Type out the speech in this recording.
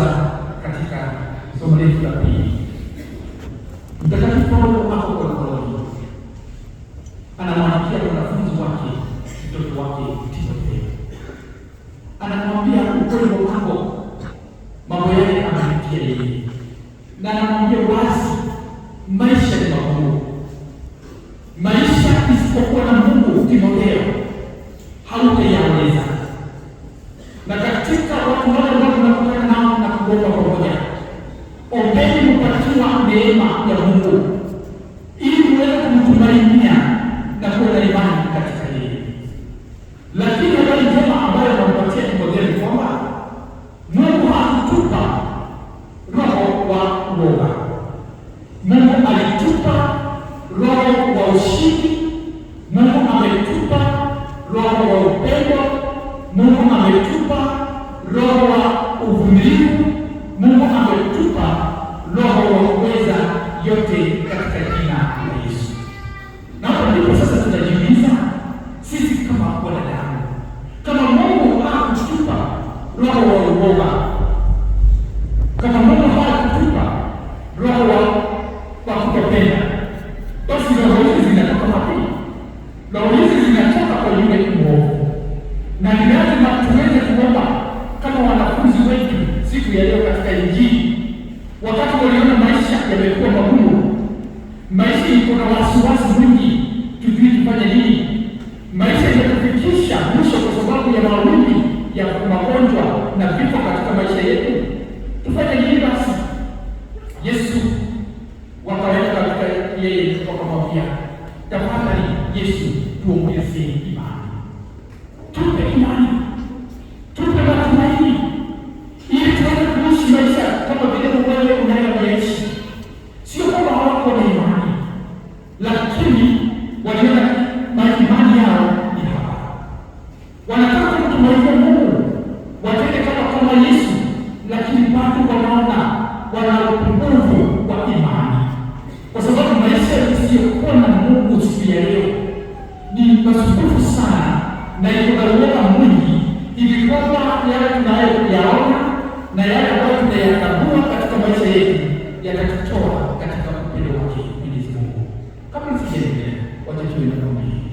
kuongoza katika somo letu la pili. Mtakatifu Paulo hapo Koloni anamwandikia wanafunzi wake, mtoto wake Timotheo, anamwambia ukweli wa mambo, mambo yale amepitia yeye, na anamwambia wazi, maisha ni magumu. Maisha isipokuwa na Mungu, Timotheo, hautayaweza neema ya Mungu ili kuweza kumtumainia na kuwa na imani katika yeye. Lakini habari njema ambayo anampatia Timotheo ni kwamba Mungu hakutupa roho wa uoga. Mungu alitupa roho wa ushindi. Mungu ametupa roho wa upendo. Mungu ametupa roho wa uvumilivu. Mungu katika jina la Yesu. Naona ndipo sasa tunajiuliza sisi kama wanadamu, kama Mungu hakutupa roho wa uoga, kama Mungu hakutupa roho wa kutopenda, basi roho hizi zinatoka wapi? Roho hizi zinatoka kwa yule mwovu, na ni lazima tuweze kuomba kama wanafunzi wengi siku ya leo katika Injili lakini kuna wasiwasi mwingi, tujui tufanye nini. Maisha yatafikisha mwisho kwa sababu ya mawimbi ya magonjwa na vifo katika maisha yetu. Tufanye nini basi? Yesu wakaweka katika yeye, wakamwambia tafadhali Yesu, tuongeze imani, tupe imani wanaoiona basi yao ni haba. Wanataka kumtumainia Mungu, watende kama kama Yesu, lakini bado wanaona wana upungufu wa imani, kwa sababu maisha yasiyokuwa na Mungu siku ya leo ni masumbufu sana na ikonaluoga mwingi, ili kwamba yale tunayoyaona na yale ambayo tunayatambua katika maisha yetu yatatutoa katika upendo wake Mwenyezi Mungu kama nisiendelea কিছুই না